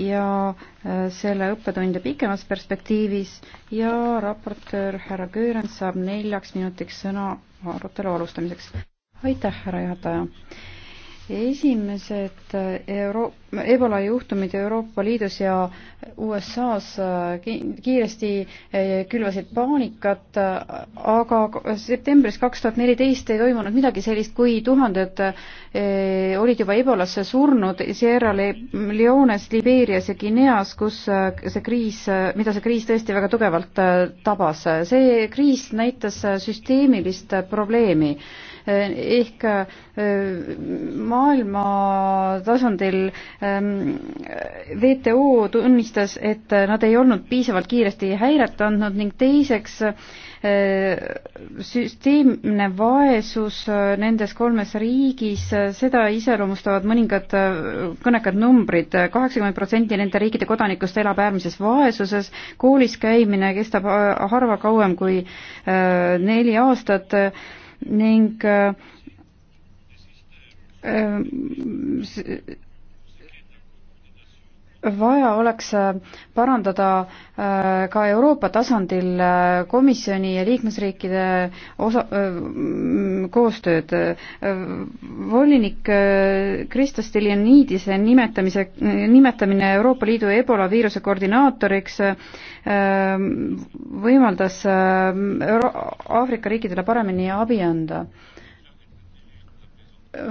ja äh, selle õppetunde pikemas perspektiivis ja raportöör härra Köörens saab neljaks minutiks sõna arutelu alustamiseks. aitäh, härra juhataja! esimesed eh, Euro-, Ebola juhtumid Euroopa Liidus ja USA-s eh, kiiresti eh, külvasid paanikat, aga septembris kaks tuhat neliteist ei toimunud midagi sellist, kui tuhanded olid juba ebolasse surnud Sierra Leones, Libeerias ja Guineas, kus see kriis, mida see kriis tõesti väga tugevalt tabas. see kriis näitas süsteemilist probleemi ehk äh, maailma tasandil ähm, WTO tunnistas, et nad ei olnud piisavalt kiiresti häiret andnud ning teiseks äh, süsteemne vaesus nendes kolmes riigis, seda iseloomustavad mõningad äh, kõnekad numbrid. kaheksakümmend protsenti nende riikide kodanikust elab äärmises vaesuses, koolis käimine kestab harva kauem kui neli aastat ning äh, äh, vaja oleks äh, parandada äh, ka Euroopa tasandil äh, komisjoni ja liikmesriikide osa, mm, koostööd. volinik Kristos Stiljanidise nimetamise, nimetamine Euroopa Liidu Ebola viiruse koordinaatoriks võimaldas Euro-, Aafrika riikidele paremini abi anda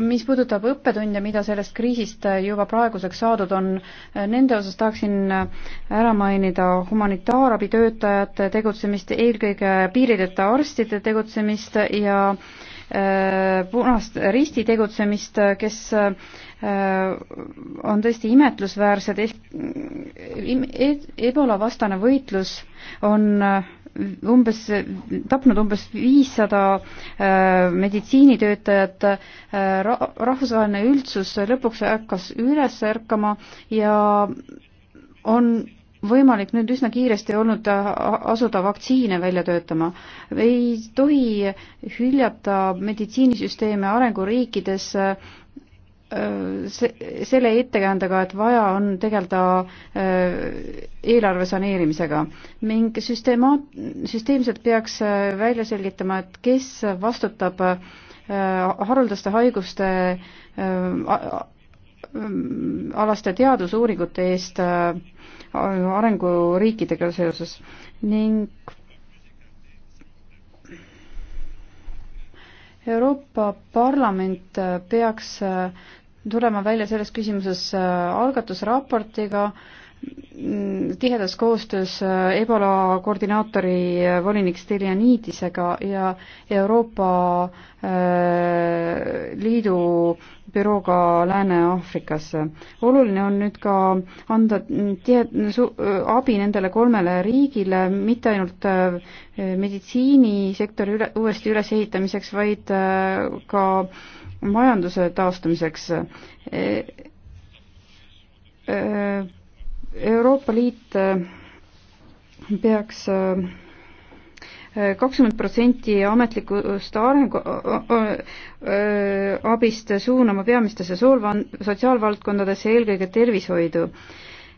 mis puudutab õppetunde, mida sellest kriisist juba praeguseks saadud on, nende osas tahaksin ära mainida humanitaarabitöötajate tegutsemist, eelkõige piirideta arstide tegutsemist ja äh, punast risti tegutsemist, kes äh, on tõesti imetlusväärsed, ehk e-, ebola vastane võitlus on äh, umbes, tapnud umbes viissada äh, meditsiinitöötajat, äh, rahvusvaheline üldsus lõpuks hakkas üles ärkama ja on võimalik nüüd üsna kiiresti olnud äh, asuda vaktsiine välja töötama. ei tohi hüljata meditsiinisüsteeme arenguriikides Äh, se-, selle ettekäändega, et vaja on tegeleda äh, eelarve saneerimisega ning süsteema-, süsteemselt peaks äh, välja selgitama, et kes vastutab haruldaste haiguste mm, alaste teadusuuringute eest arenguriikidega seoses ning Euroopa Parlament peaks tulema välja selles küsimuses äh, algatusraportiga mm, tihedas koostöös äh, Ebola koordinaatori äh, volinik Steljanidisega ja Euroopa Liidu bürooga Lääne-Aafrikas. oluline on nüüd ka anda tihe-, abi nendele kolmele riigile, mitte ainult meditsiinisektori üle, uuesti ülesehitamiseks, vaid ka majanduse taastamiseks. E, e, Euroopa Liit e, peaks kakskümmend protsenti ametlikust arengu abist suunama peamistesse soolvan-, sotsiaalvaldkondadesse, eelkõige tervishoidu.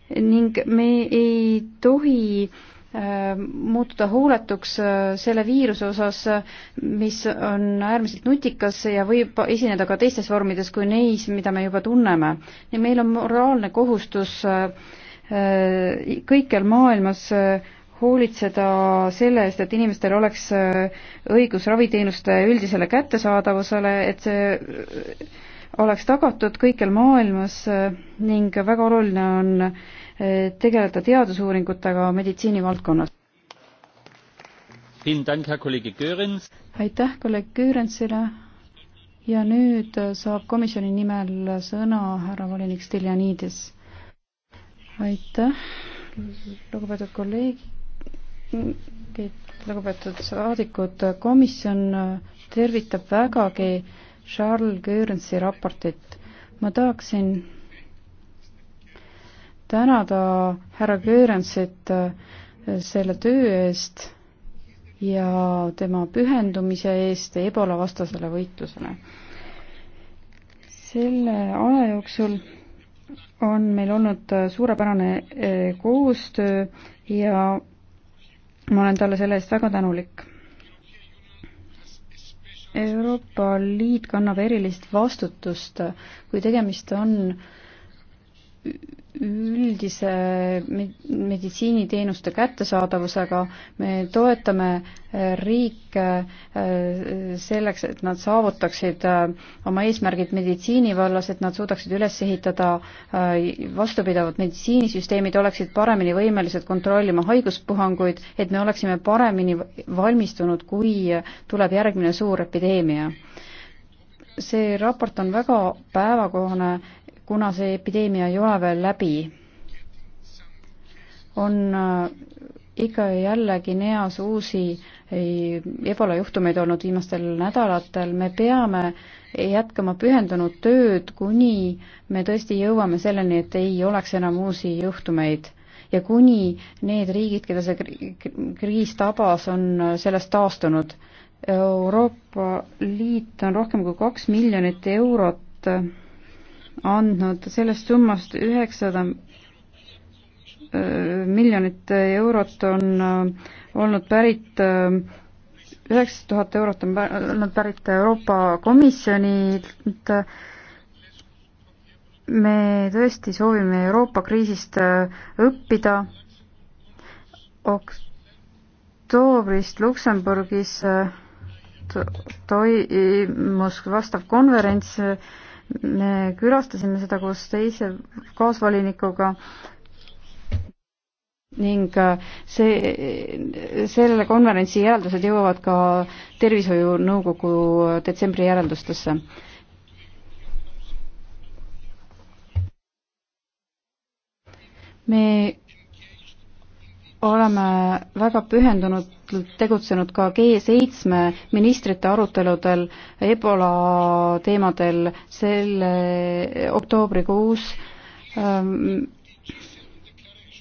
ning me ei tohi äh, Äh, muutuda hooletuks äh, selle viiruse osas, äh, mis on äärmiselt nutikas ja võib esineda ka teistes vormides kui neis, mida me juba tunneme. ja meil on moraalne kohustus kõikjal maailmas hoolitseda selle eest, et inimestel oleks õigus raviteenuste üldisele kättesaadavusele, et see oleks tagatud kõikjal maailmas ning väga oluline on tegeleda teadusuuringutega meditsiinivaldkonnas. aitäh kolleeg Göransile ja nüüd saab komisjoni nimel sõna härra volinik Stiljanidis. aitäh, lugupeetud kolleegid, lugupeetud saadikud, komisjon tervitab vägagi Charles Göransi raportit. ma tahaksin tänada härra Göransit äh, selle töö eest ja tema pühendumise eest ebola vastasele võitlusele. selle aja jooksul on meil olnud äh, suurepärane äh, koostöö ja ma olen talle selle eest väga tänulik. Euroopa Liit kannab erilist vastutust, kui tegemist on äh, üldise meditsiiniteenuste kättesaadavusega, me toetame äh, riike äh, selleks, et nad saavutaksid äh, oma eesmärgid meditsiini vallas, et nad suudaksid üles ehitada vastupidavad meditsiinisüsteemid, oleksid paremini võimelised kontrollima haiguspuhanguid, et me oleksime paremini valmistunud, kui tuleb järgmine suur epideemia see raport on väga päevakohane kuna see epideemia ei ole veel läbi, on äh, ikka ja jälle Guineas uusi ebola juhtumeid olnud viimastel nädalatel, me peame jätkama pühendunud tööd, kuni me tõesti jõuame selleni, et ei oleks enam uusi juhtumeid. ja kuni need riigid, keda see kriis tabas, on äh, sellest taastunud. Euroopa Liit on rohkem kui kaks miljonit eurot äh, andnud sellest summast üheksasada miljonit eurot on olnud pärit üheksa tuhat eurot on olnud pärit Euroopa Komisjonilt. me tõesti soovime Euroopa kriisist õppida. oktoobrist Luksemburgis toimus vastav konverents me külastasime seda koos teise kaasvolinikuga ning äh, see, selle konverentsi järeldused jõuavad ka Tervishoiunõukogu detsembri järeldustesse. me oleme väga pühendunult tegutsenud ka G7 ministrite aruteludel Ebola teemadel selle oktoobrikuus.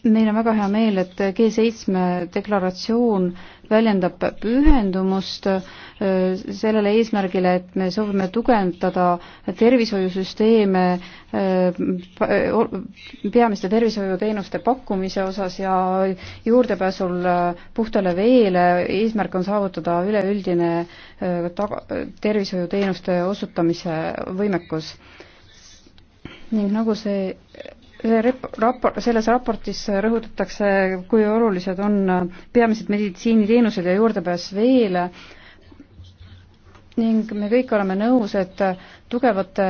Neil ähm, on väga hea meel, et G7 deklaratsioon äh, väljendab pühendumust äh, sellele eesmärgile, et me soovime tugevdada tervishoiusüsteeme äh, peamiste tervishoiuteenuste pakkumise osas ja juurdepääsul äh, puhtale veele, eesmärk on saavutada üleüldine tervishoiuteenuste osutamise võimekus ning nagu see see rep-, rapor-, selles raportis rõhutatakse, kui olulised on peamised meditsiiniteenused ja juurdepääs veele ning me kõik oleme nõus, et tugevate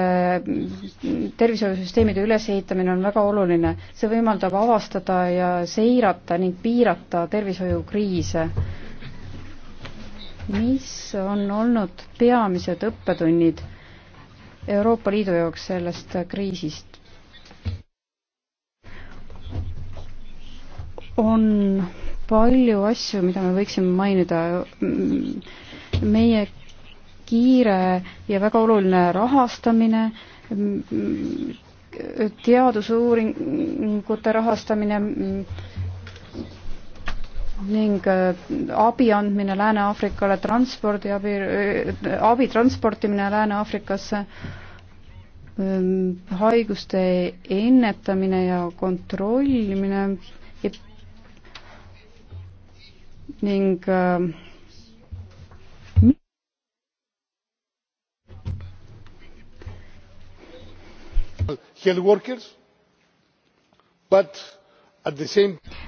tervishoiusüsteemide ülesehitamine on väga oluline. see võimaldab avastada ja seirata ning piirata tervishoiukriise. mis on olnud peamised õppetunnid Euroopa Liidu jaoks sellest kriisist? on palju asju, mida me võiksime mainida. meie kiire ja väga oluline rahastamine, teadusuuringute rahastamine ning äh, abi andmine Lääne-Aafrikale, transpordi abi, äh, abi transportimine Lääne-Aafrikasse, ähm, haiguste ennetamine ja kontrollimine ning äh,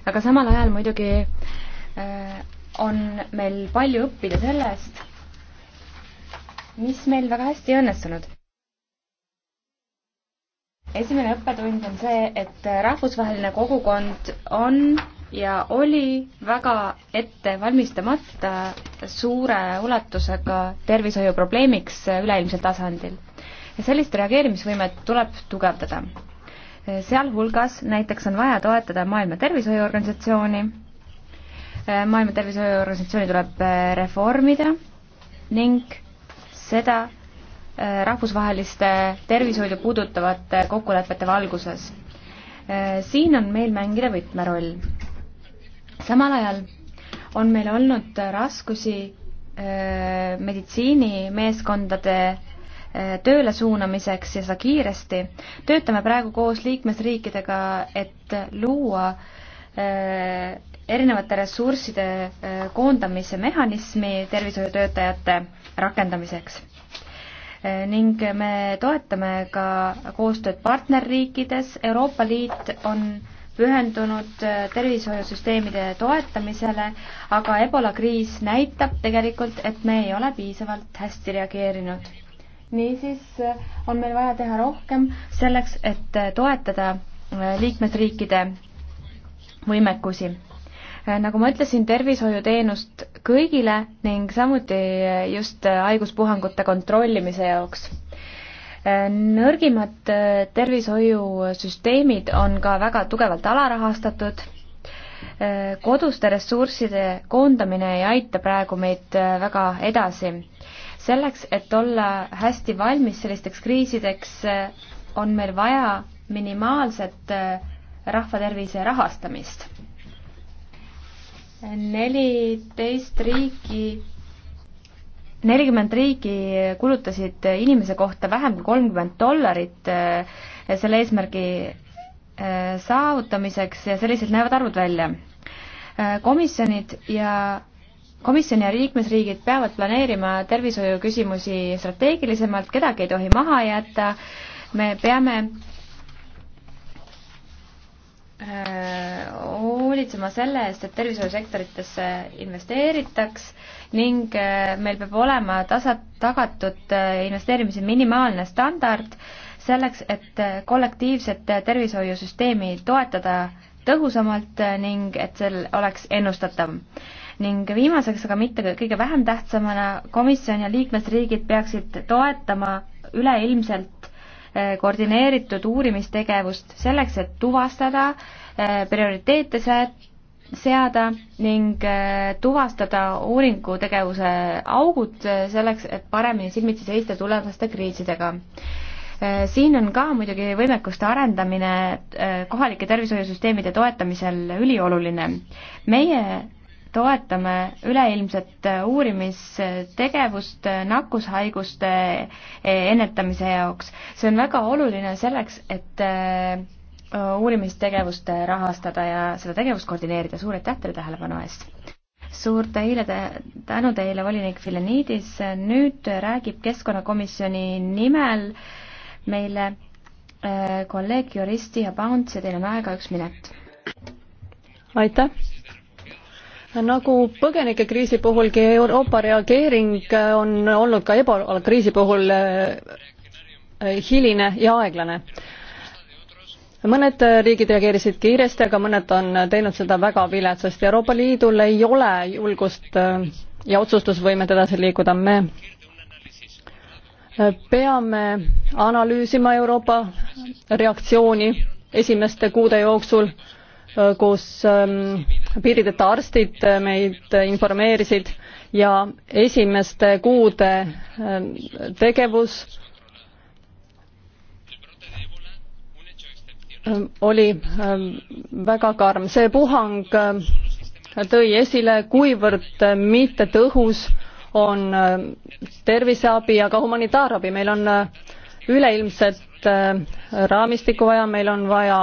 aga samal ajal muidugi äh, on meil palju õppida sellest, mis meil väga hästi ei õnnestunud. esimene õppetund on see, et rahvusvaheline kogukond on ja oli väga ettevalmistamata suure ulatusega tervishoiuprobleemiks üleilmsel tasandil. ja sellist reageerimisvõimet tuleb tugevdada. sealhulgas näiteks on vaja toetada Maailma Tervishoiuorganisatsiooni, Maailma Tervishoiuorganisatsiooni tuleb äh, reformida ning seda äh, rahvusvaheliste tervishoidu puudutavate kokkulepete valguses. Äh, siin on meil mängida võtmeroll samal ajal on meil olnud raskusi äh, meditsiinimeeskondade äh, tööle suunamiseks ja seda kiiresti. töötame praegu koos liikmesriikidega, et luua äh, erinevate ressursside koondamise mehhanismi tervishoiutöötajate rakendamiseks. ning me toetame ka koostööd partnerriikides, Euroopa Liit on pühendunud äh, tervishoiusüsteemide toetamisele, aga Ebola kriis näitab tegelikult, et me ei ole piisavalt hästi reageerinud. niisiis äh, on meil vaja teha rohkem selleks, et äh, toetada liikmesriikide võimekusi. nagu ma ütlesin, tervishoiuteenust kõigile ning samuti just haiguspuhangute kontrollimise jaoks nõrgimad äh, tervishoiusüsteemid on ka väga tugevalt alarahastatud. Äh, koduste ressursside koondamine ei aita praegu meid äh, väga edasi. selleks, et olla hästi valmis sellisteks kriisideks, on meil vaja minimaalset rahvatervise rahastamist. neliteist riiki nelikümmend riiki kulutasid inimese kohta vähem kui kolmkümmend dollarit eh, selle eesmärgi eh, saavutamiseks ja sellised näevad arvud välja. Eh, komisjonid ja, komisjon ja liikmesriigid peavad planeerima tervishoiuküsimusi strateegilisemalt, kedagi ei tohi maha jätta, me peame Äh, hoolitsema selle eest, et tervishoiusektoritesse investeeritaks ning äh, meil peab olema tasa, tagatud äh, investeerimise minimaalne standard selleks, et kollektiivset tervishoiusüsteemi toetada tõhusamalt ning et sel oleks ennustatav. ning viimaseks, aga mitte kõige vähem tähtsamana, komisjon ja liikmesriigid peaksid toetama üleilmselt Äh, koordineeritud uurimistegevust selleks, et tuvastada, äh, prioriteete seada ning äh, tuvastada uuringutegevuse augud selleks, et paremini silmitsi seista tulevaste kriisidega. siin on ka muidugi võimekuste arendamine kohalike tervishoiusüsteemide toetamisel ülioluline. meie toetame üleilmset uurimistegevust nakkushaiguste ennetamise jaoks. see on väga oluline selleks, et äh, uurimistegevust rahastada ja seda tegevust koordineerida. suur aitäh teile tähelepanu eest! suur teile, tänu teile, volinik Fileniidis. nüüd räägib Keskkonnakomisjoni nimel meile äh, kolleeg jurist ja Bounce ja teil on aega üks minut. aitäh! nagu põgenikekriisi puhulgi Euroopa reageering on olnud ka ebola kriisi puhul eh, hiline ja aeglane. mõned riigid reageerisid kiiresti, aga mõned on teinud seda väga viletsasti. Euroopa Liidul ei ole julgust eh, ja otsustusvõimet edasi liikuda. me eh, peame analüüsima Euroopa reaktsiooni esimeste kuude jooksul kus ähm, piirideta arstid meid informeerisid ja esimeste kuude ähm, tegevus ähm, oli väga karm. see puhang äh, tõi esile, kuivõrd äh, mittetõhus on äh, terviseabi ja ka humanitaarabi. meil on äh, üleilmset äh, raamistikku vaja, meil on vaja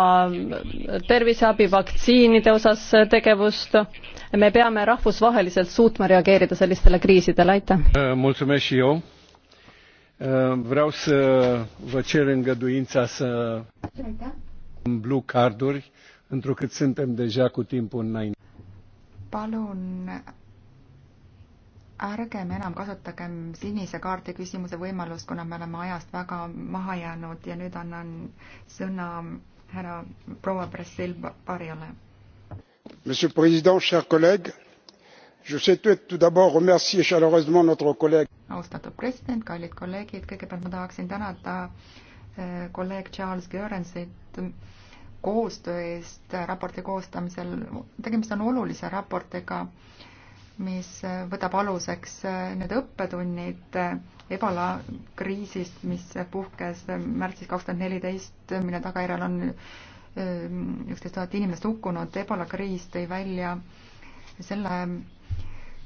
terviseabi vaktsiinide osas äh, tegevust. me peame rahvusvaheliselt suutma reageerida sellistele kriisidele, aitäh. Äh, vreau să vă cer îngăduința să blue carduri, întrucât suntem deja cu timpul înainte. Palun ärgem enam kasutagem sinise kaardi küsimuse võimalust, kuna me oleme ajast väga maha jäänud ja nüüd annan sõna härra proua Brassil Barjale. Monsieur le Président, chers collègues, je souhaite tout d'abord remercier chaleureusement notre collègue. austatud president, kallid kolleegid, kõigepealt ma tahaksin tänada eh, kolleeg Charles Göransit koostöö eest raporti koostamisel. tegemist on olulise raportiga äh, mis võtab aluseks äh, need õppetunnid äh, ebala kriisist, mis puhkes äh, märtsis kaks tuhat neliteist, mille tagajärjel on üksteist tuhat inimest hukkunud. ebala kriis tõi välja selle,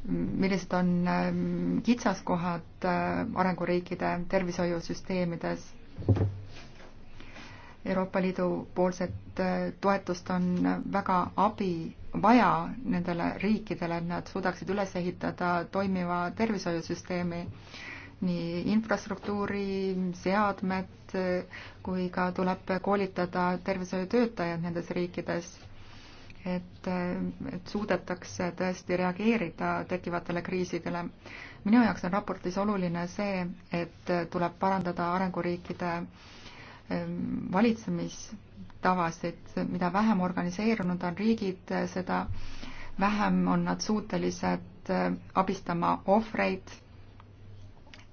millised on kitsaskohad arenguriikide tervishoiusüsteemides Euroopa Liidu poolset äh, toetust on väga abi vaja nendele riikidele, et nad suudaksid üles ehitada toimiva tervishoiusüsteemi, nii infrastruktuuri, seadmed äh, kui ka tuleb koolitada tervishoiutöötajad nendes riikides et, äh, et suudetakse tõesti reageerida tekkivatele kriisidele. minu jaoks on raportis oluline see, et tuleb parandada arenguriikide Ähm, valitsemistavasid, mida vähem organiseerunud on riigid, seda vähem on nad suutelised äh, abistama ohvreid,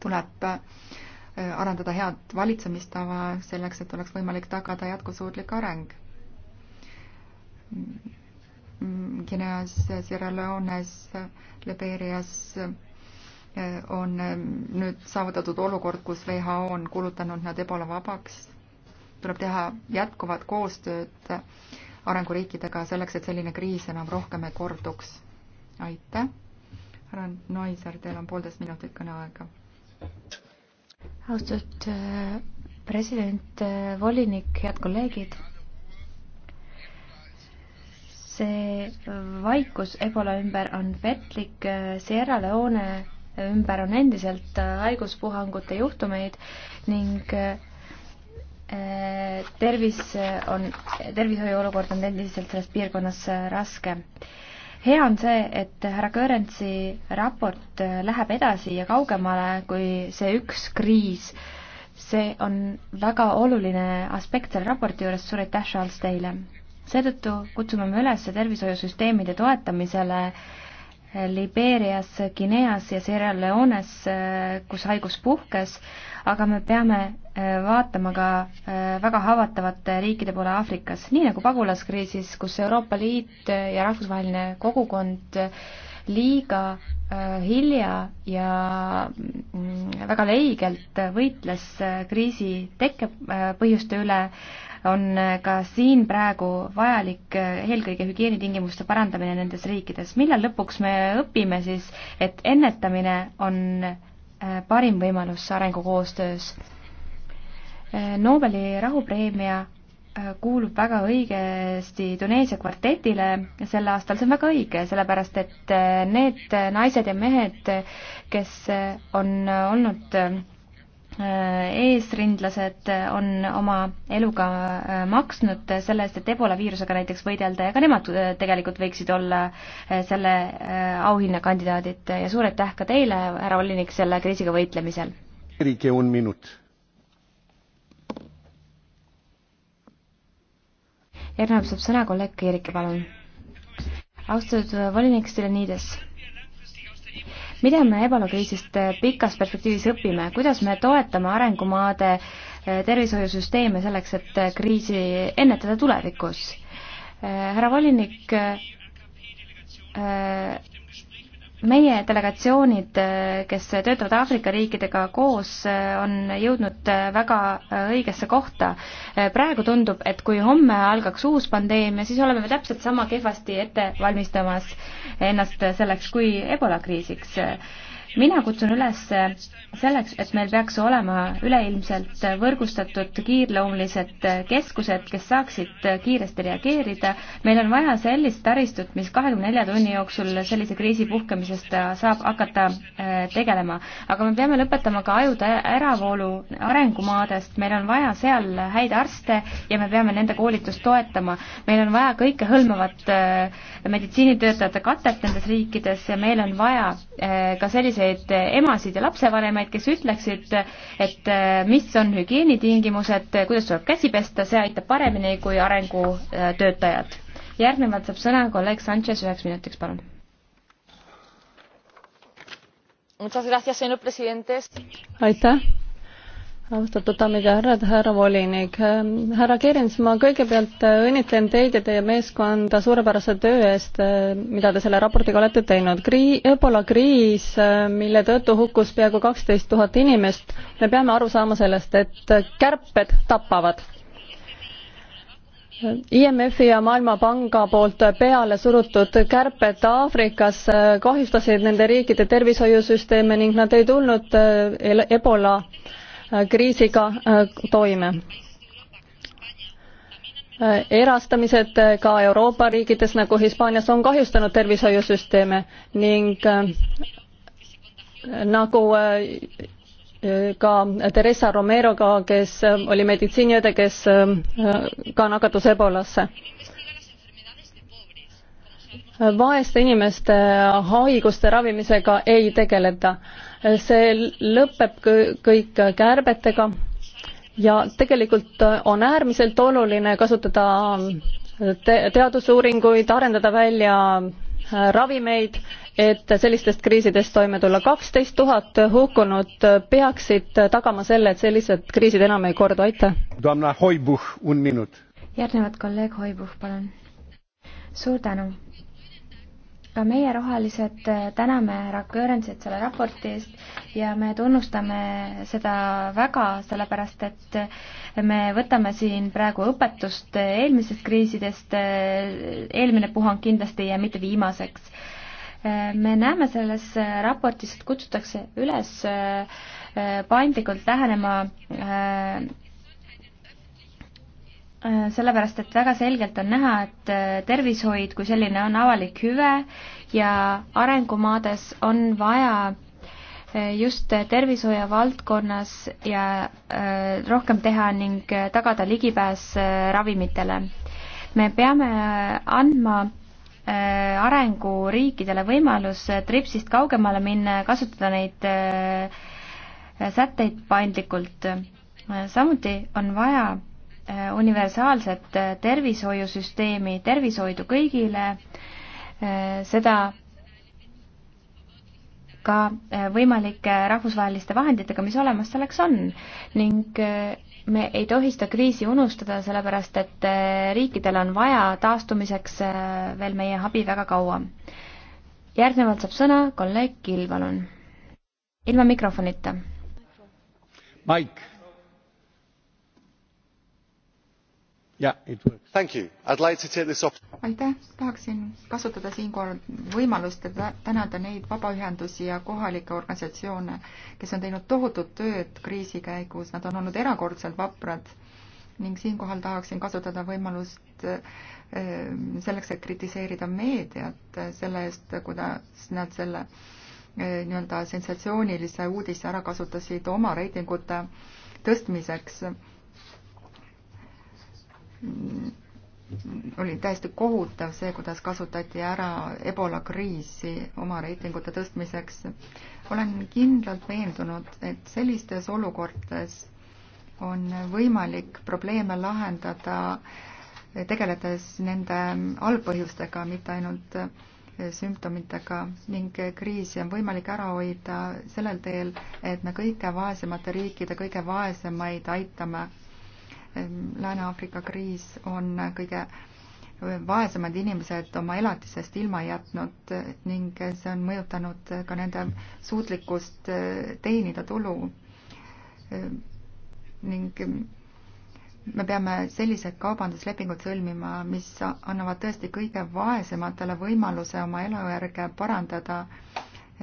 tuleb äh, arendada head valitsemistava selleks, et oleks võimalik tagada jätkusuutlik areng. Guineas, Sierra Leones, Liberias äh, on nüüd saavutatud olukord, kus WHO on kuulutanud nad ebola vabaks tuleb teha jätkuvat koostööd arenguriikidega selleks, et selline kriis enam rohkem ei korduks. aitäh. härra Noiser, teil on poolteist minutit kõneaega. austatud äh, president, äh, volinik, head kolleegid. see vaikus Ebola ümber on petlik, äh, Sierra Leone ümber on endiselt haiguspuhangute juhtumeid ning Äh, tervis äh, on, tervishoiu olukord on endiselt selles piirkonnas äh, raske. hea on see, et härra Kõõrentsi raport läheb edasi ja kaugemale kui see üks kriis. see on väga oluline aspekt selle raporti juures, suur aitäh, Charles, teile! seetõttu kutsume me üles tervishoiusüsteemide toetamisele äh, Libeerias, Guineas ja Sierra Leones, kus haigus puhkes, aga me peame äh, vaatama ka äh, väga haavatavate riikide poole Aafrikas, nii nagu pagulaskriisis, kus Euroopa Liit ja rahvusvaheline kogukond liiga äh, hilja ja mm, väga leigelt võitles äh, kriisi tekkepõhjuste äh, üle, on ka siin praegu vajalik eelkõige hügieenitingimuste parandamine nendes riikides. millal lõpuks me õpime siis, et ennetamine on parim võimalus arengukoostöös? Nobeli rahupreemia Äh, kuulub väga õigesti Tuneesia kvartetile sel aastal, see on väga õige, sellepärast et äh, need äh, naised ja mehed, kes on olnud eesrindlased, on oma eluga maksnud selle eest, et Ebola viirusega näiteks võidelda ja ka nemad tegelikult võiksid olla selle auhinnakandidaadid ja suur aitäh ka teile, härra volinik, selle kriisiga võitlemisel! Erike, un minut järgnevalt saab sõna kolleeg Eerike, palun. austatud volinik Stelenides mida me ebalokriisist pikas perspektiivis õpime, kuidas me toetame arengumaade eh, tervishoiusüsteeme selleks, et kriisi ennetada tulevikus? Eh, härra volinik, eh, meie delegatsioonid, kes töötavad Aafrika riikidega koos, on jõudnud väga õigesse kohta. praegu tundub, et kui homme algaks uus pandeemia, siis oleme me täpselt sama kehvasti ette valmistamas ennast selleks kui Ebola kriisiks mina kutsun üles selleks, et meil peaks olema üleilmselt võrgustatud kiirloomulised keskused, kes saaksid kiiresti reageerida. meil on vaja sellist taristut, mis kahekümne nelja tunni jooksul sellise kriisi puhkemisest saab hakata äh, tegelema. aga me peame lõpetama ka ajude äravoolu arengumaadest, meil on vaja seal häid arste ja me peame nende koolitust toetama. meil on vaja kõikehõlmavat äh, meditsiinitöötajate katet nendes riikides ja meil on vaja äh, ka sellise selliseid emasid ja lapsevanemaid, kes ütleksid, et äh, mis on hügieenitingimused, kuidas tuleb käsi pesta, see aitab paremini kui arengutöötajad. Äh, järgnevalt saab sõna kolleeg Sanchez üheks minutiks, palun. aitäh austatud daamid ja härrad, härra volinik, härra Kerins, ma kõigepealt õnnitlen teid ja teie meeskonda suurepärase töö eest, mida te selle raportiga olete teinud. Krii-, Ebola kriis, mille tõttu hukkus peaaegu kaksteist tuhat inimest, me peame aru saama sellest, et kärped tapavad IMF-i ja Maailmapanga poolt peale surutud kärped Aafrikas kahjustasid nende riikide tervishoiusüsteeme ning nad ei tulnud eh, Ebola Äh, kriisiga äh, toime äh, erastamised ka Euroopa riikides nagu Hispaanias on kahjustanud tervishoiusüsteeme ning nagu ka Teresa Romeroga, kes oli meditsiiniõde, kes ka nakatus ebolasse. vaeste inimeste haiguste ravimisega ei tegeleta see lõpeb kõik kärbetega ja tegelikult on äärmiselt oluline kasutada te teadusuuringuid, arendada välja ravimeid, et sellistest kriisidest toime tulla. kaksteist tuhat hukkunut peaksid tagama selle, et sellised kriisid enam ei kordu, aitäh. järgnevalt kolleeg Hoibuh, palun. suur tänu ka meie rohelised äh, täname härra Köörensit selle raporti eest ja me tunnustame seda väga, sellepärast et äh, me võtame siin praegu õpetust äh, eelmisest kriisidest, eelmine puhang kindlasti ei jää mitte viimaseks. me näeme selles raportis, et kutsutakse üles paindlikult lähenema Äh, sellepärast et väga selgelt on näha, et äh, tervishoid kui selline on avalik hüve ja arengumaades on vaja äh, just tervishoiu valdkonnas ja rohkem teha ning tagada ligipääs ravimitele. me peame andma arenguriikidele võimalus tripsist kaugemale minna ja kasutada neid sätteid paindlikult. samuti on vaja Äh, universaalset äh, tervishoiusüsteemi, tervishoidu kõigile, äh, seda ka võimalike rahvusvaheliste vahenditega, mis olemas selleks on ning me ei tohi seda kriisi unustada, sellepärast et riikidel on vaja taastumiseks veel meie abi väga kaua. järgnevalt saab sõna kolleeg Kill, palun. ilma mikrofonita. Mike aitäh, tahaksin kasutada siinkohal võimalust ja tänada neid vabaühendusi ja kohalikke organisatsioone, kes on teinud tohutut tööd kriisi käigus, nad on olnud erakordselt vaprad ning siinkohal tahaksin kasutada võimalust ehm, selleks, et kritiseerida meediat eh, selle eest, kuidas nad selle eh, nii-öelda sensatsioonilise uudise ära kasutasid oma reitingute tõstmiseks oli täiesti kohutav see, kuidas kasutati ära Ebola kriisi oma reitingute tõstmiseks. olen kindlalt veendunud, et sellistes olukordades on võimalik probleeme lahendada tegeledes nende algpõhjustega, mitte ainult sümptomitega ning kriisi on võimalik ära hoida sellel teel, et me kõige vaesemate riikide kõige vaesemaid aitame Lääne-Aafrika kriis on kõige vaesemad inimesed oma elatisest ilma jätnud ning see on mõjutanud ka nende suutlikkust teenida tulu. ning me peame sellised kaubanduslepingud sõlmima, mis annavad tõesti kõige vaesematele võimaluse oma elujärge parandada,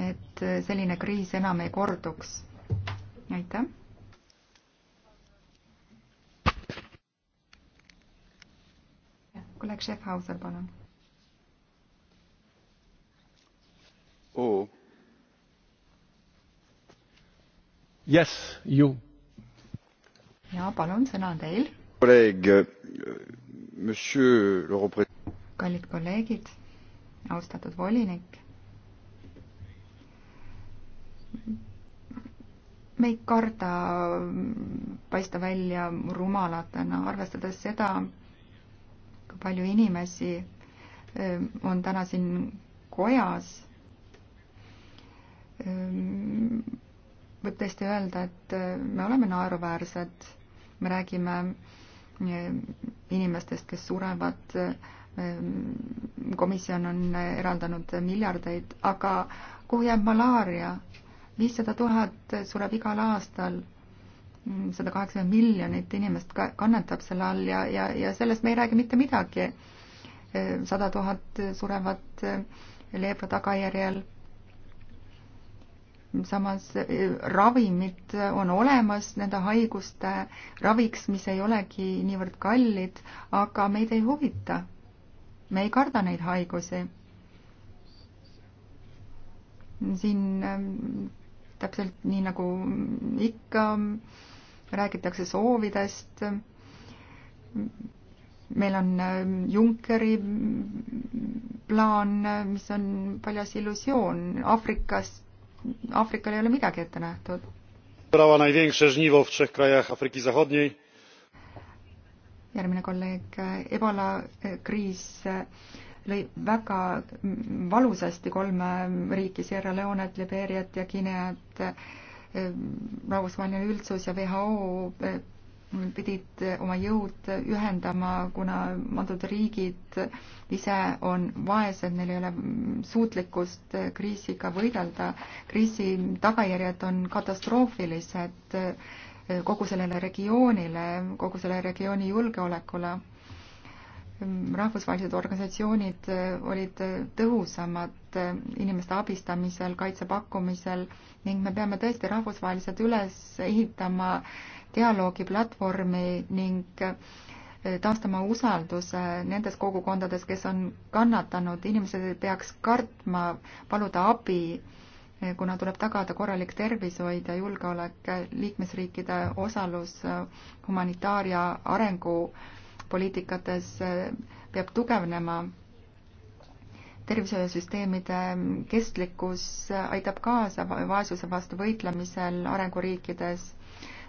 et selline kriis enam ei korduks. aitäh! kolleeg Schaffhauser, palun oh.. Yes, you. ja palun, sõna on teil. kolleeg, äh, monsieur le repre-. kallid kolleegid, austatud volinik. me ei karda paista välja rumalatena, arvestades seda, palju inimesi ähm, on täna siin kojas. Ähm, võib tõesti öelda, et äh, me oleme naeruväärsed, me räägime ähm, inimestest, kes surevad, komisjon on eraldanud miljardeid, aga kuhu jääb malaaria? viissada tuhat sureb igal aastal sada kaheksakümmend miljonit inimest kannatab selle all ja, ja, ja sellest me ei räägi mitte midagi. sada tuhat surevat leebra tagajärjel. samas eh, ravimid on olemas nende haiguste raviks, mis ei olegi niivõrd kallid, aga meid ei huvita. me ei karda neid haigusi. siin eh, täpselt nii nagu ikka räägitakse soovidest, meil on ähm, Junckeri mm, plaan, mis on paljas illusioon, Aafrikas, Aafrikal ei ole midagi ette nähtud. järgmine kolleeg, äh, ebola äh, kriis äh, lõi väga mm, valusasti kolme riiki, Sierra Leonet, Liberiat ja Guineat rahvusvaheline üldsus ja WHO eh, pidid eh, oma jõud ühendama, kuna antud riigid ise on vaesed, neil ei ole suutlikkust eh, kriisiga võidelda. kriisi tagajärjed on katastroofilised kogu sellele regioonile, kogu selle regiooni julgeolekule rahvusvahelised organisatsioonid äh, olid äh, tõhusamad äh, inimeste abistamisel, kaitse pakkumisel ning me peame tõesti rahvusvaheliselt üles ehitama dialoogiplatvormi ning taastama usalduse nendes kogukondades, kes on kannatanud, inimesed ei peaks kartma paluda abi, kuna tuleb tagada korralik tervishoid ja julgeolek, liikmesriikide osalus humanitaar- ja arengu poliitikates eh, peab tugevnema. tervishoiusüsteemide kestlikkus aitab kaasa vaesuse vastu võitlemisel arenguriikides.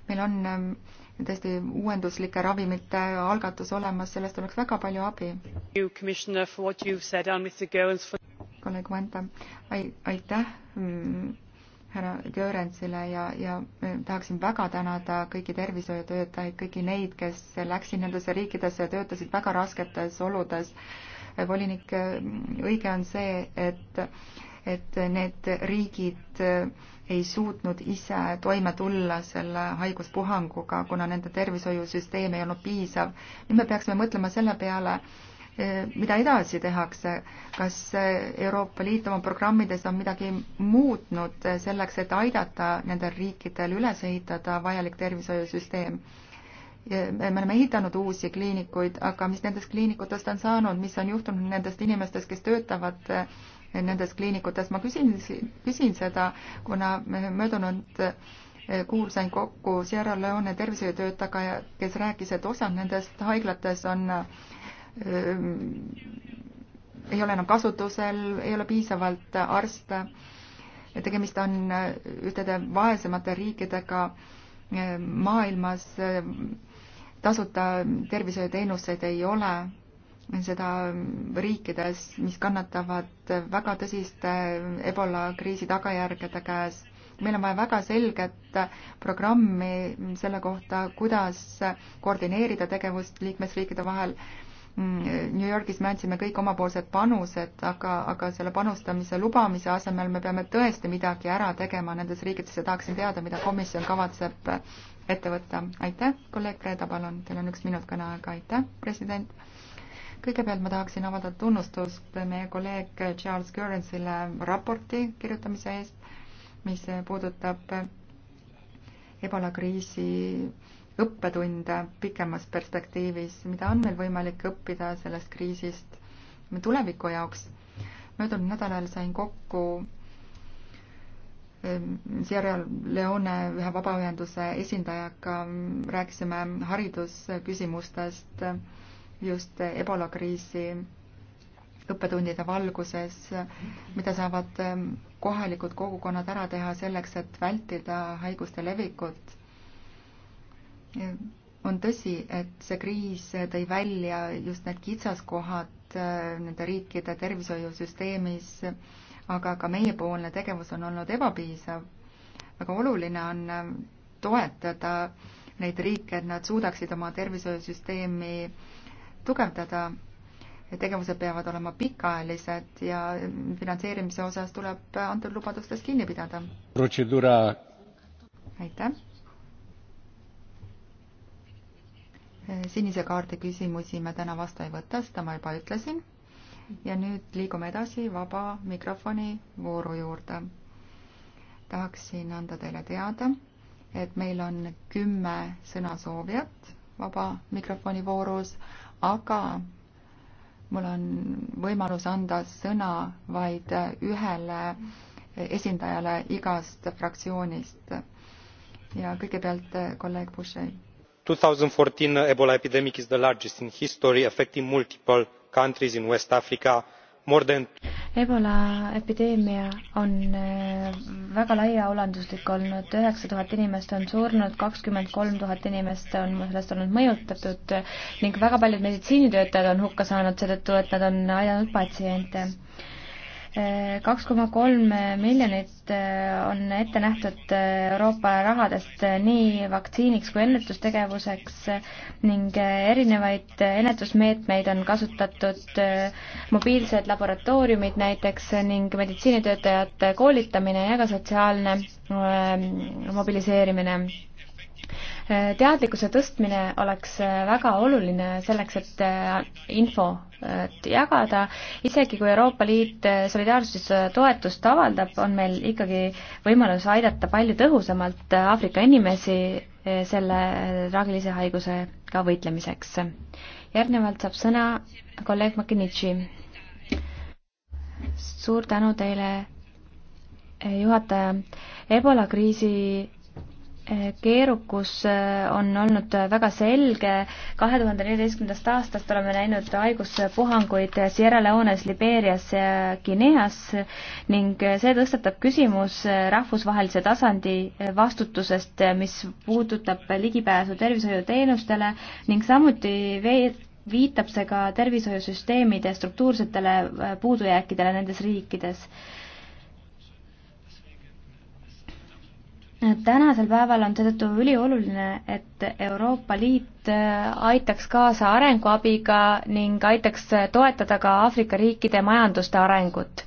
meil on eh, tõesti uuenduslike ravimite algatus olemas, sellest oleks väga palju abi. kolleeg Vanda, aitäh mm, härra Görantsile ja, ja äh, tahaksin väga tänada kõiki tervishoiutöötajaid, kõiki neid, kes läksid nendesse riikidesse ja töötasid väga rasketes oludes. Äh, volinik, äh, õige on see, et, et need riigid ei suutnud ise toime tulla selle haiguspuhanguga, kuna nende tervishoiusüsteem ei olnud piisav. nüüd me peaksime mõtlema selle peale, Eh, mida edasi tehakse, kas eh, Euroopa Liit oma programmides on midagi muutnud eh, selleks, et aidata nendel riikidel üles ehitada vajalik tervishoiusüsteem? me oleme ehitanud uusi kliinikuid, aga mis nendest kliinikutest on saanud, mis on juhtunud nendest inimestest, kes töötavad nendes kliinikutes, ma küsin, küsin seda, kuna möödunud kuul sain kokku Sierra Leone tervishoiutöötajaga, kes rääkis, et osad nendest haiglates on äh, Ehm, ei ole enam kasutusel, ei ole piisavalt arste. tegemist on äh, ühtede vaesemate riikidega ehm, maailmas, ehm, tasuta tervishoiuteenuseid ei ole, seda riikides, mis kannatavad väga tõsiste ebola kriisi tagajärgede käes meil on vaja väga selget äh, programmi selle kohta, kuidas äh, koordineerida tegevust liikmesriikide vahel Mm, New Yorgis me andsime kõik omapoolsed panused, aga, aga selle panustamise lubamise asemel me peame tõesti midagi ära tegema nendes riikides ja tahaksin teada, mida komisjon kavatseb ette võtta. aitäh, kolleeg Reeda, palun, teil on üks minut kõneaega, aitäh, president. kõigepealt ma tahaksin avaldada tunnustust meie kolleeg Charles Currensile raporti kirjutamise eest, mis puudutab ebola kriisi õppetunde pikemas perspektiivis, mida on meil võimalik õppida sellest kriisist tuleviku jaoks. möödunud nädalal sain kokku ehm, Sierra Leone ühe vabaühenduse esindajaga, rääkisime haridusküsimustest just ebola kriisi õppetundide valguses, mida saavad ähm, kohalikud kogukonnad ära teha selleks, et vältida haiguste levikut. on tõsi, et see kriis tõi välja just need kitsaskohad äh, nende riikide tervishoiusüsteemis, aga ka meiepoolne tegevus on olnud ebapiisav. väga oluline on ähm, toetada neid riike, et nad suudaksid oma tervishoiusüsteemi tugevdada tegevused peavad olema pikaajalised ja finantseerimise osas tuleb antud lubadustest kinni pidada. protseduura. aitäh. sinise kaardi küsimusi me täna vastu ei võta, seda ma juba ütlesin. ja nüüd liigume edasi vaba mikrofoni vooru juurde. tahaksin anda teile teada, et meil on kümme sõnasoovijat vaba mikrofoni voorus, aga mul on võimalus anda sõna vaid ühele esindajale igast fraktsioonist. ja kõigepealt eh, kolleeg Bushei. 2014 Ebola epidemic is the largest in history affecting multiple countries in West Africa more than Ebola epideemia on äh, väga laiaulatuslik olnud, üheksa tuhat inimest on surnud, kakskümmend kolm tuhat inimest on sellest olnud mõjutatud ning väga paljud meditsiinitöötajad on hukka saanud seetõttu, et nad on aidanud patsiente kaks koma kolm miljonit äh, on ette nähtud äh, Euroopa rahadest äh, nii vaktsiiniks kui ennetustegevuseks ning erinevaid ennetusmeetmeid on kasutatud, mobiilsed laboratooriumid näiteks ning meditsiinitöötajate koolitamine ja ka sotsiaalne mobiliseerimine Äh, teadlikkuse tõstmine oleks äh, väga oluline selleks, et äh, infot jagada. isegi kui Euroopa Liit solidaarsustoetust avaldab, on meil ikkagi võimalus aidata palju tõhusamalt Aafrika inimesi selle traagilise haigusega võitlemiseks. järgnevalt saab sõna kolleeg Makinitši. suur tänu teile, juhataja. Ebola kriisi keerukus äh, on olnud äh, väga selge, kahe tuhande neljateistkümnendast aastast oleme näinud haiguspuhanguid Sierra Leones, Libeerias ja Guineas ning äh, see tõstatab küsimus rahvusvahelise tasandi vastutusest, mis puudutab ligipääsu tervishoiuteenustele ning samuti viitab see ka tervishoiusüsteemide struktuursetele puudujääkidele nendes riikides tänasel päeval on seetõttu ülioluline, et Euroopa Liit äh, aitaks kaasa arenguabiga ning aitaks toetada ka Aafrika riikide majanduste arengut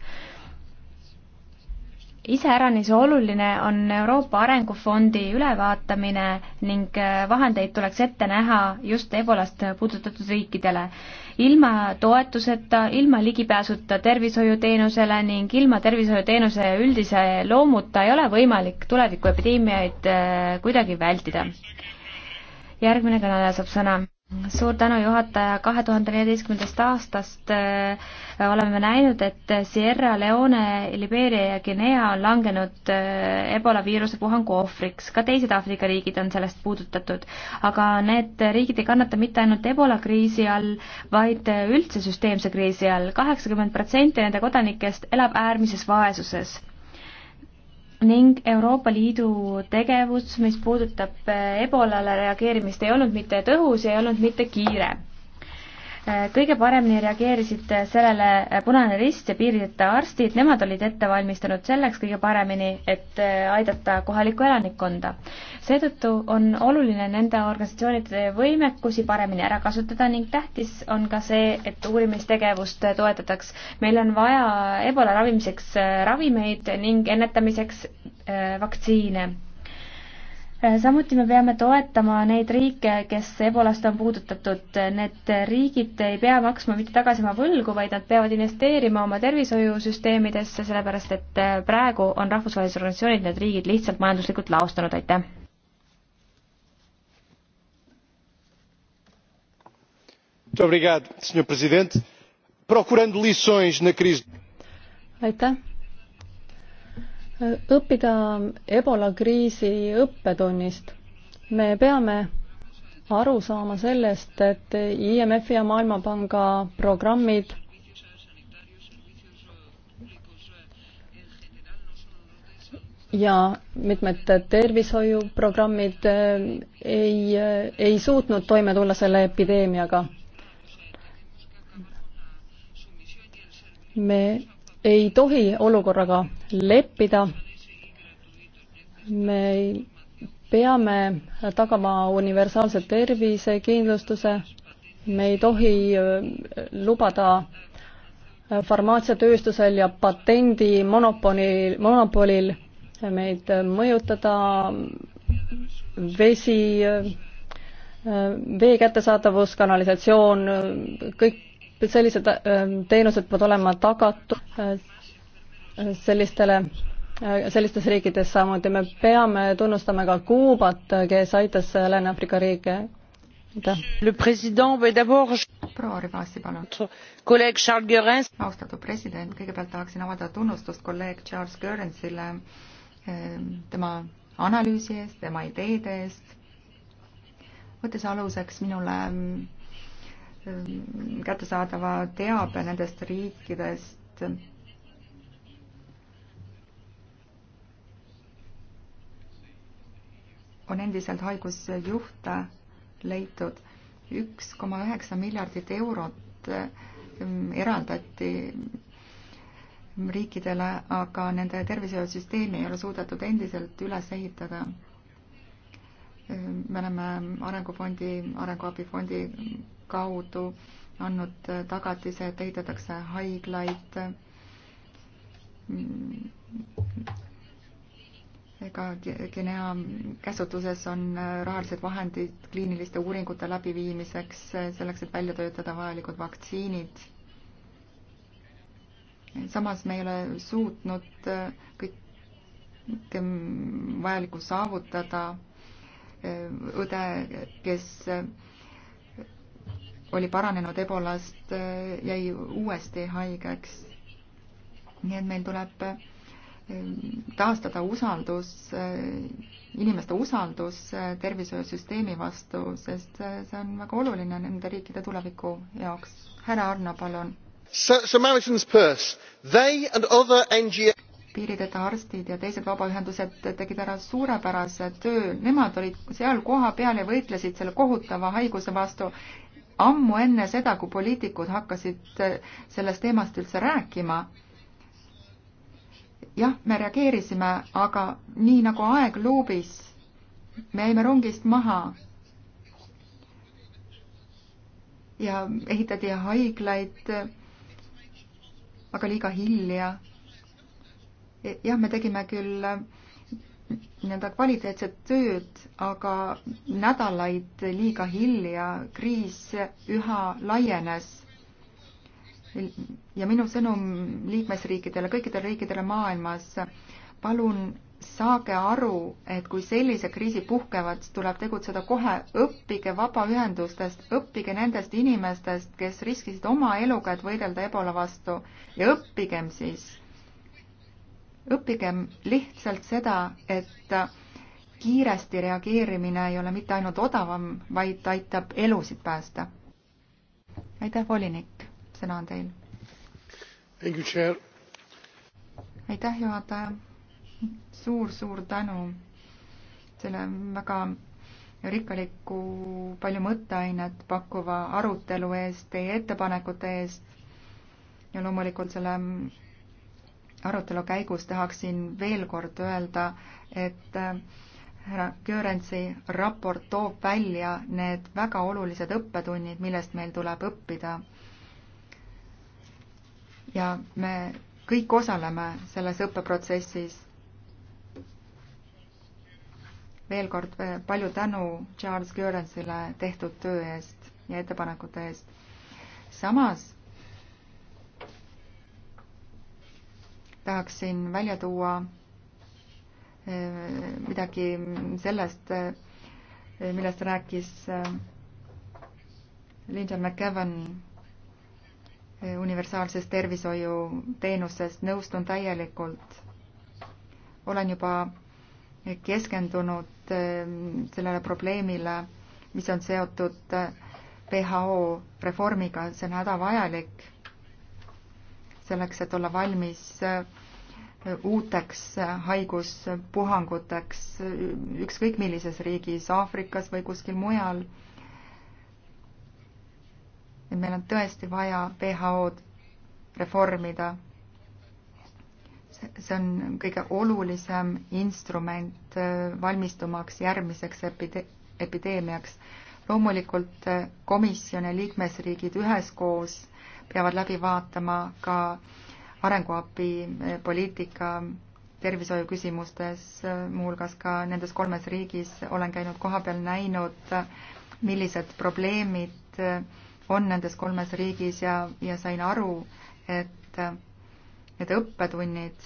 iseäranis oluline on Euroopa Arengufondi ülevaatamine ning äh, vahendeid tuleks ette näha just ebolast puudutatud riikidele. ilma toetuseta, ilma ligipääsuta tervishoiuteenusele ning ilma tervishoiuteenuse üldise loomuta ei ole võimalik tulevikuepideemiaid äh, kuidagi vältida. järgmine kõneleja saab sõna suur tänu, juhataja, kahe tuhande neljateistkümnendast aastast äh, oleme näinud, et Sierra Leone, Libeeria ja Guinea on langenud äh, Ebola viiruse puhangu ohvriks, ka teised Aafrika riigid on sellest puudutatud. aga need riigid ei kannata mitte ainult Ebola kriisi all, vaid äh, üldse süsteemse kriisi all. kaheksakümmend protsenti nende kodanikest elab äärmises vaesuses ning Euroopa Liidu tegevus, mis puudutab ebolale reageerimist, ei olnud mitte tõhus, ei olnud mitte kiire kõige paremini reageerisid sellele Punane Rist ja Piirideta Arstid, nemad olid ette valmistanud selleks kõige paremini, et äh, aidata kohalikku elanikkonda. seetõttu on oluline nende organisatsioonide võimekusi paremini ära kasutada ning tähtis on ka see, et uurimistegevust toetataks. meil on vaja ebola ravimiseks äh, ravimeid ning ennetamiseks äh, vaktsiine Äh, samuti me peame toetama neid riike, kes ebolast on puudutatud. Need riigid ei pea maksma mitte tagasi oma võlgu, vaid nad peavad investeerima oma tervishoiusüsteemidesse, sellepärast et äh, praegu on rahvusvahelised organisatsioonid need riigid lihtsalt majanduslikult laostanud, aitäh. aitäh, õppida Ebola kriisi õppetunnist. me peame aru saama sellest, et IMF-i ja Maailmapanga programmid ja mitmed tervishoiuprogrammid äh, ei, ei suutnud toime tulla selle epideemiaga. me ei tohi olukorraga leppida. me peame tagama universaalse tervisekindlustuse. me ei tohi äh, lubada äh, farmaatsiatööstusel ja patendi monopoli, monopolil meid äh, mõjutada vesi, vee kättesaadavus, kanalisatsioon, kõik sellised ähm, teenused peavad olema tagatud äh, sellistele, äh, sellistes riikides samuti. me peame tunnustama ka Kuubat, kes aitas Lääne-Aafrika riike. proua Rivasi, palun. austatud president, kõigepealt tahaksin avaldada tunnustust kolleeg Charles Gerensile ähm, tema analüüsi eest, tema ideede eest, võttes aluseks minule ähm, Ähm, kättesaadava teabe nendest riikidest. on endiselt haigusjuhte leitud. üks koma üheksa miljardit eurot ähm, eraldati riikidele, aga nende tervishoiusüsteemi ei ole suudetud endiselt üles ehitada ähm, me oleme Arengufondi, Arenguabifondi kaudu andnud tagatise, et ehitatakse haiglaid. ega Guinea käsutuses on rahalised vahendid kliiniliste uuringute läbiviimiseks, selleks, et välja töötada vajalikud vaktsiinid. samas me ei ole suutnud kõike vajalikku saavutada. õde, kes oli paranenud ebolast, äh, jäi uuesti haigeks. nii et meil tuleb äh, taastada usaldus, äh, inimeste usaldus tervishoiusüsteemi vastu, sest see on väga oluline nende riikide tuleviku jaoks. härra Arno, palun. piirideta arstid ja teised vabaühendused tegid ära suurepärase töö, nemad olid seal kohapeal ja võitlesid selle kohutava haiguse vastu ammu enne seda, kui poliitikud hakkasid äh, sellest teemast üldse rääkima. jah, me reageerisime, aga nii nagu aeg luubis, me jäime rongist maha. ja ehitati haiglaid, äh, aga liiga hilja. E, jah, me tegime küll äh, nii-öelda kvaliteetset tööd, aga nädalaid liiga hilja kriis üha laienes. ja minu sõnum liikmesriikidele, kõikidele riikidele maailmas, palun saage aru, et kui sellised kriisid puhkevad, siis tuleb tegutseda kohe, õppige vabaühendustest, õppige nendest inimestest, kes riskisid oma eluga, et võidelda Ebola vastu ja õppigem siis õppigem lihtsalt seda, et kiiresti reageerimine ei ole mitte ainult odavam, vaid aitab elusid päästa. aitäh, volinik, sõna on teil. aitäh, juhataja suur,. suur-suur tänu selle väga rikkaliku, palju mõtteainet pakkuva arutelu eest, teie ettepanekute eest ja loomulikult selle arutelu käigus tahaksin veel kord öelda, et äh, härra Görensi raport toob välja need väga olulised õppetunnid, millest meil tuleb õppida. ja me kõik osaleme selles õppeprotsessis. veel kord äh, palju tänu Charles Görensile tehtud töö eest ja ettepanekute eest. samas tahaksin välja tuua eh, midagi sellest, eh, millest rääkis eh, Lyndon McEwan universaalsest tervishoiuteenusest, nõustun täielikult. olen juba keskendunud sellele probleemile, mis on seotud WHO reformiga, see on hädavajalik selleks, et olla valmis äh, uuteks äh, haiguspuhanguteks äh, ükskõik millises riigis, Aafrikas või kuskil mujal. et meil on tõesti vaja WHO-d reformida. see on kõige olulisem instrument valmistumaks järgmiseks epide-, epideemiaks. loomulikult komisjon ja liikmesriigid üheskoos äh, peavad läbi vaatama ka arenguabi eh, poliitika tervishoiu küsimustes, eh, muuhulgas ka nendes kolmes riigis olen käinud kohapeal, näinud, millised probleemid eh, on nendes kolmes riigis ja, ja sain aru, et need õppetunnid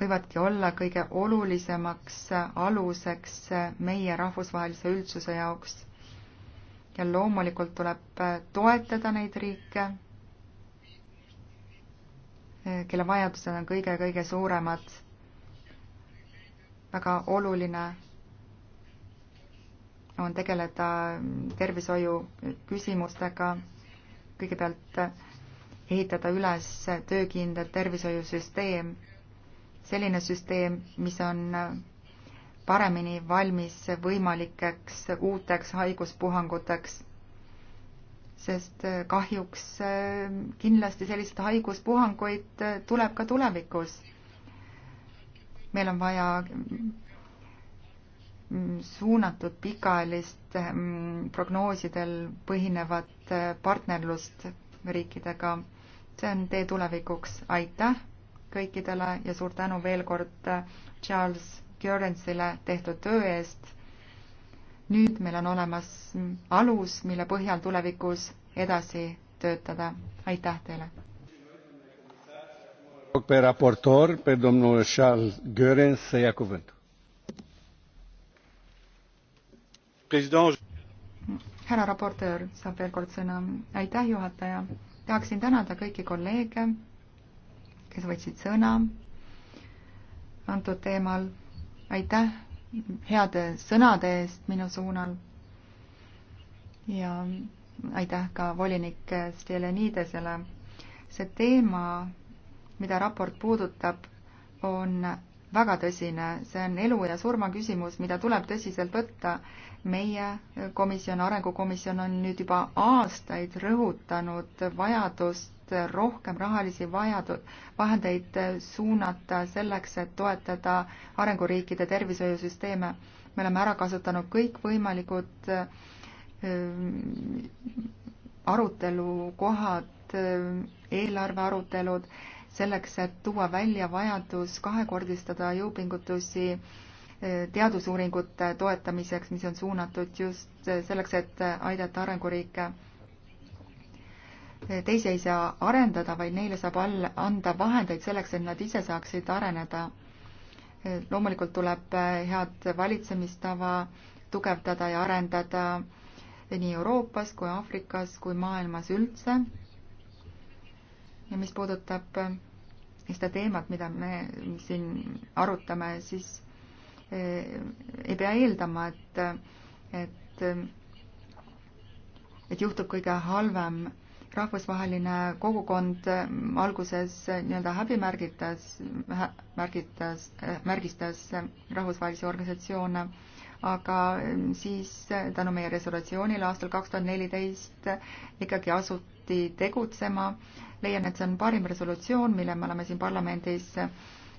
võivadki olla kõige olulisemaks aluseks meie rahvusvahelise üldsuse jaoks ja loomulikult tuleb äh, toetada neid riike, äh, kelle vajadused on kõige-kõige suuremad. väga oluline on tegeleda mm, tervishoiu küsimustega, kõigepealt äh, ehitada üles töökindel tervishoiusüsteem, selline süsteem, mis on paremini valmis võimalikeks uuteks haiguspuhanguteks. sest kahjuks äh, kindlasti selliseid haiguspuhanguid äh, tuleb ka tulevikus. meil on vaja mm, mm, suunatud pikaajalist mm, prognoosidel põhinevat äh, partnerlust riikidega. see on tee tulevikuks. aitäh kõikidele ja suur tänu veel kord, Charles Görensile tehtud töö eest. nüüd meil on olemas alus, mille põhjal tulevikus edasi töötada. aitäh teile! pe raportor, pe domnul Charles Görens să ia cuvântul. härra raportöör saab veel kord sõna. aitäh, juhataja. tahaksin tänada kõiki kolleege, kes võtsid sõna antud teemal aitäh heade sõnade eest minu suunal ja aitäh ka volinik Steljanidesele. see teema, mida raport puudutab, on väga tõsine, see on elu ja surma küsimus, mida tuleb tõsiselt võtta. meie komisjon, Arengukomisjon on nüüd juba aastaid rõhutanud vajadust et rohkem rahalisi vajadu-, vahendeid suunata selleks, et toetada arenguriikide tervishoiusüsteeme. me oleme ära kasutanud kõikvõimalikud ähm, arutelukohad, ähm, eelarvearutelud, selleks, et tuua välja vajadus kahekordistada jõupingutusi äh, teadusuuringute toetamiseks, mis on suunatud just äh, selleks, et äh, aidata arenguriike teisi ei saa arendada, vaid neile saab all, anda vahendeid selleks, et nad ise saaksid areneda. loomulikult tuleb äh, head valitsemistava tugevdada ja arendada nii Euroopas kui Aafrikas kui maailmas üldse. ja mis puudutab äh, seda teemat, mida me siin arutame, siis äh, ei pea eeldama, et, et, et juhtub kõige halvem rahvusvaheline kogukond eh, alguses eh, nii-öelda häbimärgitas, märgitas, eh, märgistas rahvusvahelisi organisatsioone, aga siis tänu meie resolutsioonile aastal kaks tuhat neliteist ikkagi asuti tegutsema. leian, et see on parim resolutsioon, mille me oleme siin parlamendis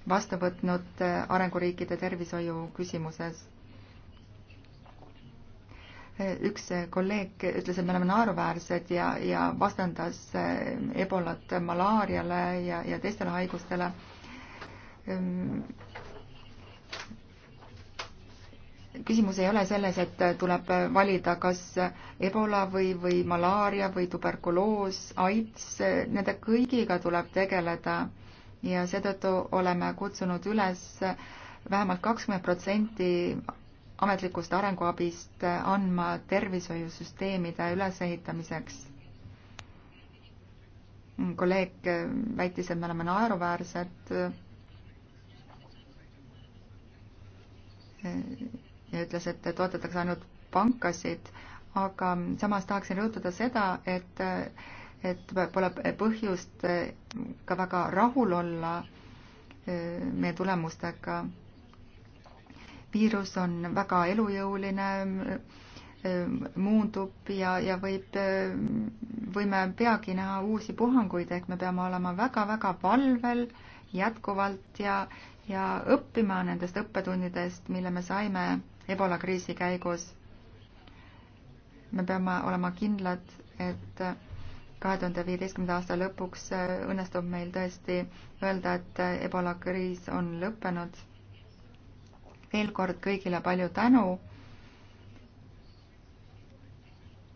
vastu võtnud arenguriikide tervishoiu küsimuses üks kolleeg ütles, et me oleme naeruväärsed ja, ja vastandas eh, ebolat malaariale ja, ja teistele haigustele. Ehm, küsimus ei ole selles, et tuleb valida, kas ebola või, või malaaria või tuberkuloos, AIDS, nende kõigiga tuleb tegeleda ja seetõttu oleme kutsunud üles vähemalt kakskümmend protsenti ametlikust arenguabist andma tervishoiusüsteemide ülesehitamiseks. kolleeg väitis, et me oleme naeruväärsed ja ütles, et toetatakse ainult pankasid, aga samas tahaksin rõhutada seda, et, et pole põhjust ka väga rahul olla eh, meie tulemustega viirus on väga elujõuline, ähm, muundub ja, ja võib, ähm, võime peagi näha uusi puhanguid, ehk me peame olema väga-väga valvel jätkuvalt ja, ja õppima nendest õppetundidest, mille me saime Ebola kriisi käigus. me peame olema kindlad, et kahe tuhande viieteistkümnenda aasta lõpuks äh, õnnestub meil tõesti öelda, et Ebola kriis on lõppenud veel kord kõigile palju tänu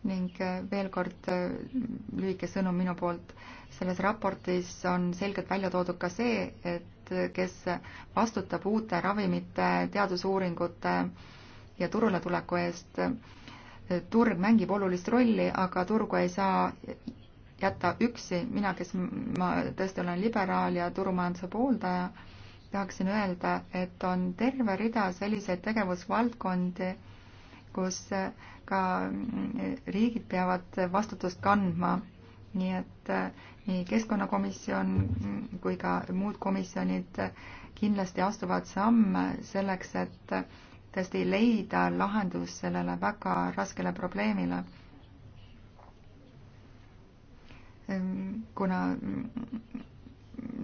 ning äh, veel kord äh, lühike sõnum minu poolt. selles raportis on selgelt välja toodud ka see, et äh, kes vastutab uute ravimite, teadusuuringute ja turule tuleku eest, turg mängib olulist rolli, aga turgu ei saa jätta üksi, mina, kes ma tõesti olen liberaal ja turumajanduse pooldaja tahaksin öelda, et on terve rida selliseid tegevusvaldkondi, kus ka riigid peavad vastutust kandma. nii et äh, nii Keskkonnakomisjon kui ka muud komisjonid kindlasti astuvad samme selleks, et tõesti leida lahendus sellele väga raskele probleemile. Ehm, kuna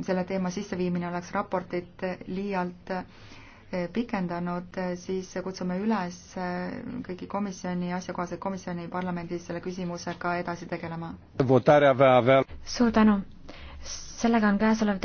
selle teema sisseviimine oleks raportit liialt eh, pikendanud, eh, siis kutsume üles eh, kõiki komisjoni, asjakohaseid komisjoni parlamendis selle küsimusega edasi tegelema. suur tänu. sellega on käesolev